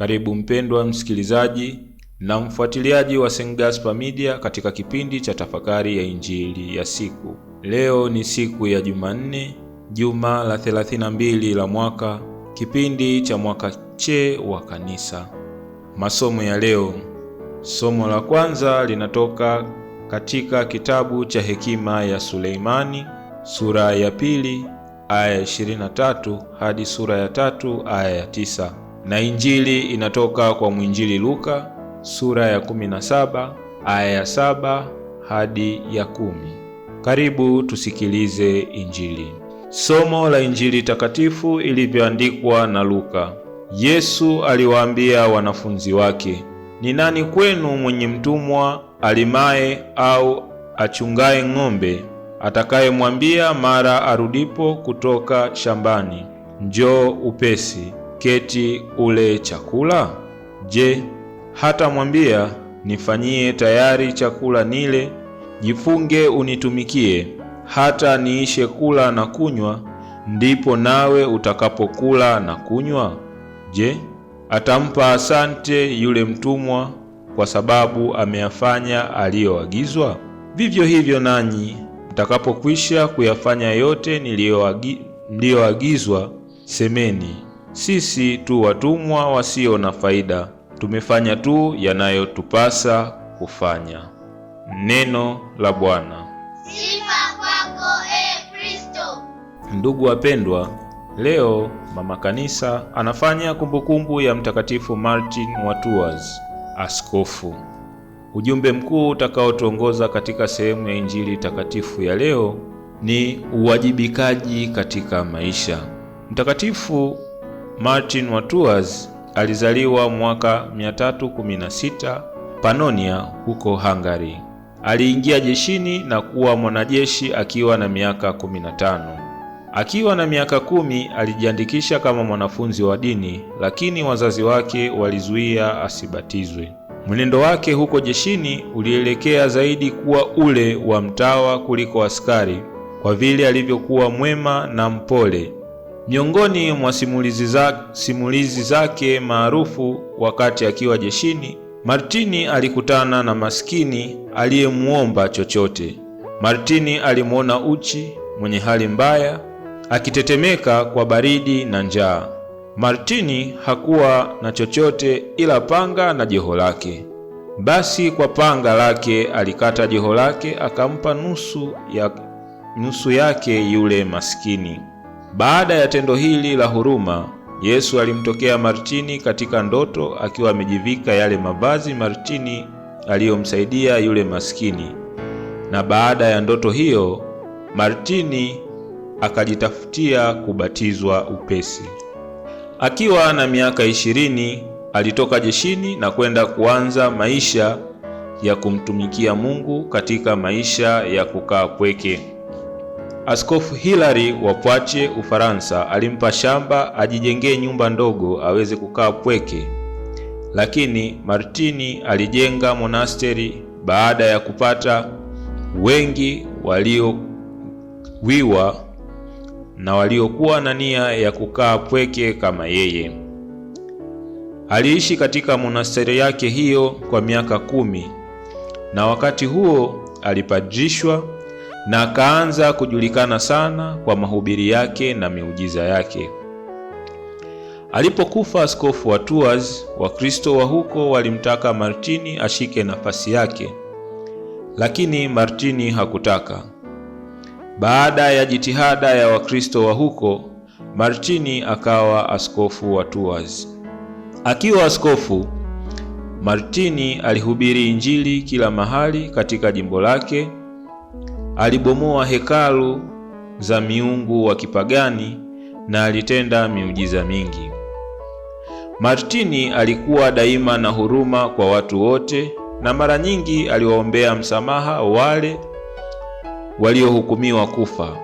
Karibu mpendwa msikilizaji na mfuatiliaji wa St. Gaspar Media katika kipindi cha tafakari ya injili ya siku. Leo ni siku ya Jumanne, juma la 32 la mwaka, kipindi cha mwaka che wa Kanisa. Masomo ya leo, somo la kwanza linatoka katika kitabu cha Hekima ya Suleimani sura ya pili aya 23 hadi sura ya tatu aya ya tisa na Injili inatoka kwa mwinjili Luka sura ya 17 aya ya saba hadi ya kumi. Karibu tusikilize Injili. Somo la Injili takatifu ilivyoandikwa na Luka. Yesu aliwaambia wanafunzi wake, ni nani kwenu mwenye mtumwa alimaye au achungaye ng'ombe atakayemwambia mara arudipo kutoka shambani, njoo upesi keti ule chakula? Je, hatamwambia nifanyie tayari chakula nile, jifunge unitumikie, hata niishe kula na kunywa, ndipo nawe utakapokula na kunywa? Je, atampa asante yule mtumwa kwa sababu ameyafanya aliyoagizwa? Vivyo hivyo nanyi mtakapokwisha kuyafanya yote niliyoagizwa, semeni sisi tu watumwa wasio na faida, tumefanya tu yanayotupasa kufanya. Neno la Bwana. Sifa kwako e Kristo. Ndugu wapendwa, leo mama kanisa anafanya kumbukumbu ya Mtakatifu Martin wa Tours, askofu. Ujumbe mkuu utakaotuongoza katika sehemu ya Injili takatifu ya leo ni uwajibikaji katika maisha. Mtakatifu Martin wa Tours alizaliwa mwaka 316 Panonia huko Hungary. Aliingia jeshini na kuwa mwanajeshi akiwa na miaka 15. Akiwa na miaka kumi alijiandikisha kama mwanafunzi wa dini, lakini wazazi wake walizuia asibatizwe. Mwenendo wake huko jeshini ulielekea zaidi kuwa ule wa mtawa kuliko askari, kwa vile alivyokuwa mwema na mpole. Miongoni mwa simulizi zake, simulizi zake maarufu wakati akiwa jeshini, Martini alikutana na maskini aliyemuomba chochote. Martini alimuona uchi, mwenye hali mbaya, akitetemeka kwa baridi na njaa. Martini hakuwa na chochote ila panga na joho lake. Basi kwa panga lake alikata joho lake akampa nusu ya, nusu yake yule maskini. Baada ya tendo hili la huruma, Yesu alimtokea Martini katika ndoto akiwa amejivika yale mavazi Martini aliyomsaidia yule maskini. Na baada ya ndoto hiyo, Martini akajitafutia kubatizwa upesi. Akiwa na miaka ishirini alitoka jeshini na kwenda kuanza maisha ya kumtumikia Mungu katika maisha ya kukaa pweke. Askofu Hilary wa Poitiers, Ufaransa, alimpa shamba ajijengee nyumba ndogo aweze kukaa pweke, lakini Martini alijenga monasteri baada ya kupata wengi waliowiwa na waliokuwa na nia ya kukaa pweke kama yeye. Aliishi katika monasteri yake hiyo kwa miaka kumi, na wakati huo alipadrishwa na akaanza kujulikana sana kwa mahubiri yake na miujiza yake. Alipokufa askofu wa Tours, Wakristo wa huko walimtaka Martini ashike nafasi yake, lakini Martini hakutaka. Baada ya jitihada ya Wakristo wa huko, Martini akawa askofu wa Tours. Akiwa askofu, Martini alihubiri Injili kila mahali katika jimbo lake Alibomoa hekalu za miungu wa kipagani na alitenda miujiza mingi. Martini alikuwa daima na huruma kwa watu wote na mara nyingi aliwaombea msamaha wale waliohukumiwa kufa.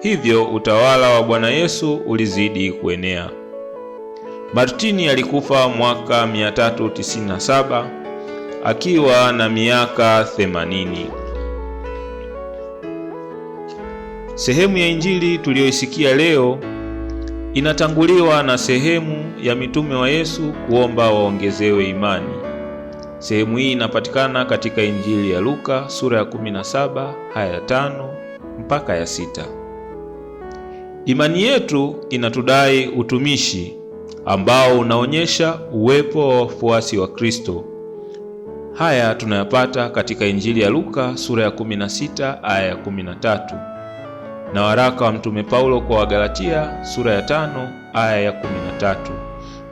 Hivyo utawala wa Bwana Yesu ulizidi kuenea. Martini alikufa mwaka 397 akiwa na miaka 80. Sehemu ya Injili tuliyoisikia leo inatanguliwa na sehemu ya mitume wa Yesu kuomba waongezewe imani. Sehemu hii inapatikana katika Injili ya Luka sura ya 17 aya ya 5 mpaka ya sita. Imani yetu inatudai utumishi ambao unaonyesha uwepo wa wafuasi wa Kristo. Haya tunayapata katika Injili ya Luka sura ya 16 aya ya 13 na waraka wa mtume Paulo kwa Wagalatia sura ya tano aya ya tatu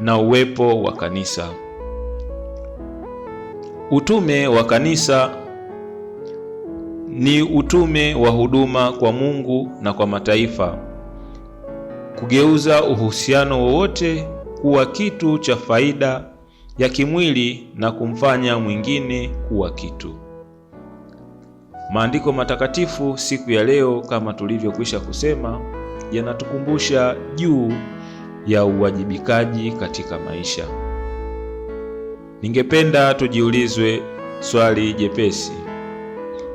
na uwepo wa kanisa. Utume wa kanisa ni utume wa huduma kwa Mungu na kwa mataifa, kugeuza uhusiano wowote kuwa kitu cha faida ya kimwili na kumfanya mwingine kuwa kitu Maandiko matakatifu siku ya leo kama tulivyokwisha kusema yanatukumbusha juu ya uwajibikaji katika maisha. Ningependa tujiulizwe swali jepesi.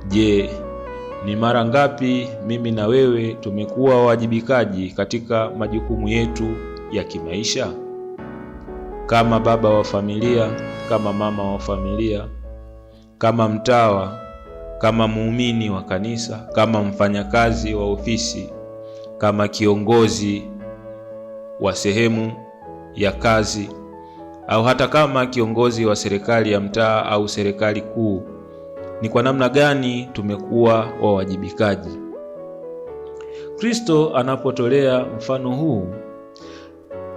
Je, ni mara ngapi mimi na wewe tumekuwa wawajibikaji katika majukumu yetu ya kimaisha? Kama baba wa familia, kama mama wa familia, kama mtawa kama muumini wa kanisa, kama mfanyakazi wa ofisi, kama kiongozi wa sehemu ya kazi, au hata kama kiongozi wa serikali ya mtaa au serikali kuu, ni kwa namna gani tumekuwa wawajibikaji? Kristo anapotolea mfano huu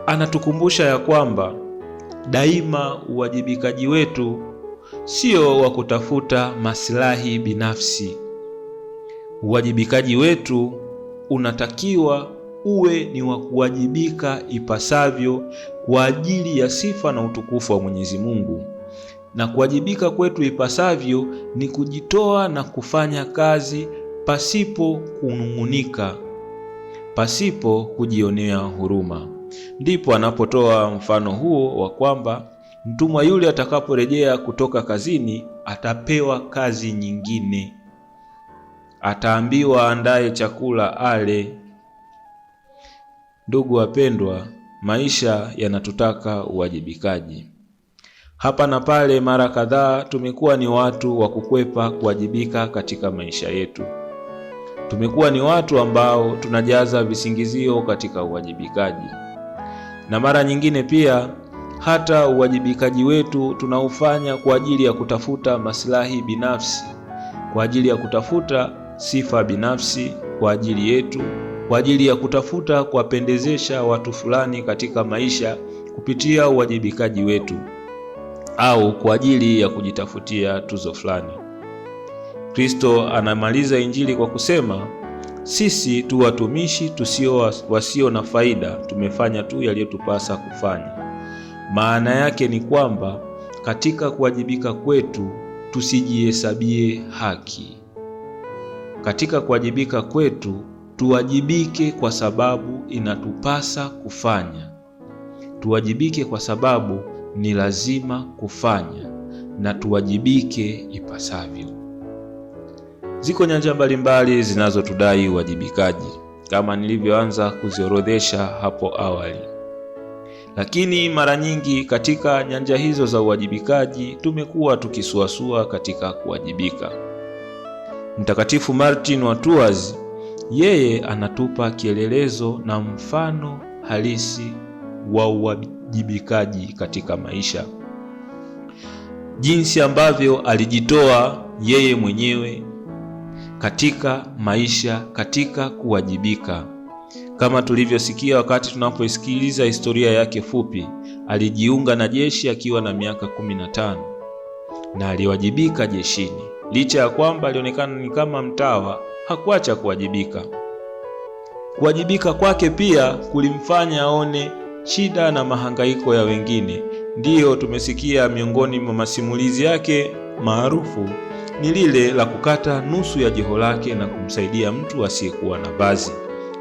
anatukumbusha ya kwamba daima uwajibikaji wetu sio wa kutafuta masilahi binafsi. Uwajibikaji wetu unatakiwa uwe ni wa kuwajibika ipasavyo kwa ajili ya sifa na utukufu wa Mwenyezi Mungu. Na kuwajibika kwetu ipasavyo ni kujitoa na kufanya kazi pasipo kunung'unika, pasipo kujionea huruma. Ndipo anapotoa mfano huo wa kwamba Mtumwa yule atakaporejea kutoka kazini, atapewa kazi nyingine, ataambiwa andaye chakula ale. Ndugu wapendwa, maisha yanatutaka uwajibikaji. Hapa na pale, mara kadhaa tumekuwa ni watu wa kukwepa kuwajibika katika maisha yetu. Tumekuwa ni watu ambao tunajaza visingizio katika uwajibikaji, na mara nyingine pia hata uwajibikaji wetu tunaufanya kwa ajili ya kutafuta maslahi binafsi, kwa ajili ya kutafuta sifa binafsi kwa ajili yetu, kwa ajili ya kutafuta kuwapendezesha watu fulani katika maisha kupitia uwajibikaji wetu, au kwa ajili ya kujitafutia tuzo fulani. Kristo anamaliza Injili kwa kusema sisi tu watumishi tusio wasio na faida, tumefanya tu yaliyotupasa kufanya. Maana yake ni kwamba katika kuwajibika kwetu tusijihesabie haki. Katika kuwajibika kwetu tuwajibike kwa sababu inatupasa kufanya, tuwajibike kwa sababu ni lazima kufanya, na tuwajibike ipasavyo. Ziko nyanja mbalimbali zinazotudai uwajibikaji kama nilivyoanza kuziorodhesha hapo awali. Lakini mara nyingi katika nyanja hizo za uwajibikaji tumekuwa tukisuasua katika kuwajibika. Mtakatifu Martin wa Tours yeye anatupa kielelezo na mfano halisi wa uwajibikaji katika maisha, jinsi ambavyo alijitoa yeye mwenyewe katika maisha, katika kuwajibika kama tulivyosikia wakati tunaposikiliza historia yake fupi, alijiunga na jeshi akiwa na miaka 15 na aliwajibika jeshini. Licha ya kwamba alionekana ni kama mtawa, hakuacha kuwajibika. Kuwajibika kwake pia kulimfanya aone shida na mahangaiko ya wengine. Ndiyo tumesikia miongoni mwa masimulizi yake maarufu ni lile la kukata nusu ya joho lake na kumsaidia mtu asiyekuwa na vazi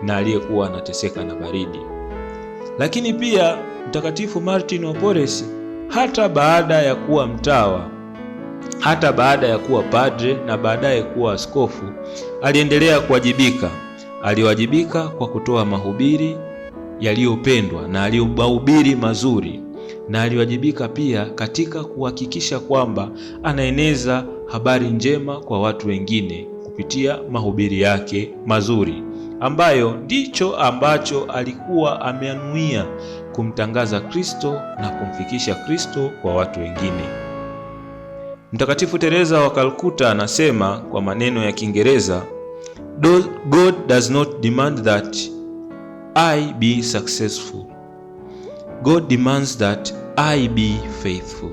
na aliyekuwa anateseka na baridi. Lakini pia Mtakatifu Martin wa Porres, hata baada ya kuwa mtawa, hata baada ya kuwa padre na baadaye kuwa askofu, aliendelea kuwajibika. Aliwajibika kwa kutoa mahubiri yaliyopendwa na aliyobahubiri mazuri na aliwajibika pia katika kuhakikisha kwamba anaeneza habari njema kwa watu wengine kupitia mahubiri yake mazuri ambayo ndicho ambacho alikuwa ameanuia kumtangaza Kristo na kumfikisha Kristo kwa watu wengine. Mtakatifu Teresa wa Kalkuta anasema kwa maneno ya Kiingereza, God does not demand that I be successful. God demands that I be faithful.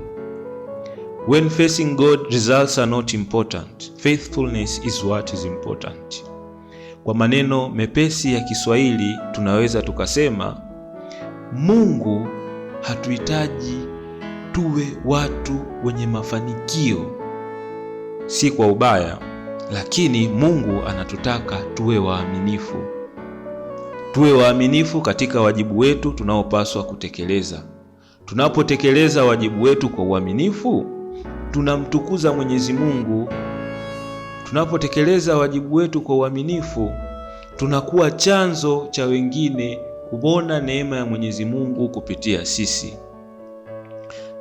When facing God, results are not important. Faithfulness is what is important. Kwa maneno mepesi ya Kiswahili tunaweza tukasema Mungu hatuhitaji tuwe watu wenye mafanikio, si kwa ubaya, lakini Mungu anatutaka tuwe waaminifu, tuwe waaminifu katika wajibu wetu tunaopaswa kutekeleza. Tunapotekeleza wajibu wetu kwa uaminifu, tunamtukuza Mwenyezi Mungu Tunapotekeleza wajibu wetu kwa uaminifu, tunakuwa chanzo cha wengine kuona neema ya Mwenyezi Mungu kupitia sisi.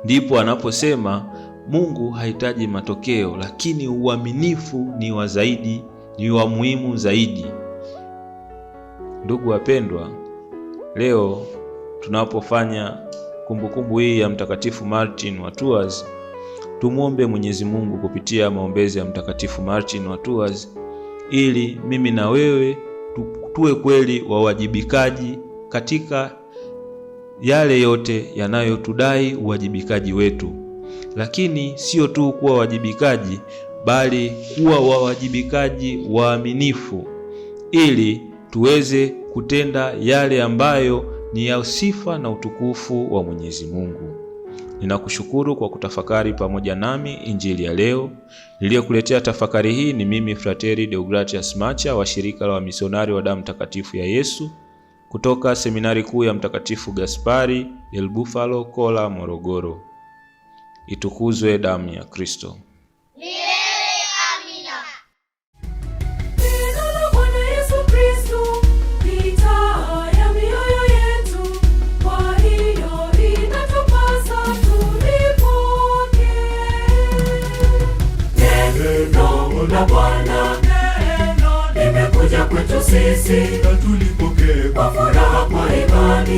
Ndipo anaposema Mungu hahitaji matokeo, lakini uaminifu ni wa zaidi, ni wa muhimu zaidi. Ndugu wapendwa, leo tunapofanya kumbukumbu hii ya Mtakatifu Martin wa Tours Tumwombe Mwenyezi Mungu kupitia maombezi ya Mtakatifu Martin wa Tours ili mimi na wewe tuwe kweli wawajibikaji katika yale yote yanayotudai uwajibikaji wetu, lakini sio tu kuwa wajibikaji, bali kuwa wawajibikaji waaminifu, ili tuweze kutenda yale ambayo ni ya sifa na utukufu wa Mwenyezi Mungu. Ninakushukuru kwa kutafakari pamoja nami injili ya leo. Niliyokuletea tafakari hii ni mimi Frateri Deogratias Macha wa shirika la wamisionari wa damu takatifu ya Yesu kutoka seminari kuu ya Mtakatifu Gaspari del Bufalo, Kola, Morogoro. Itukuzwe damu ya Kristo!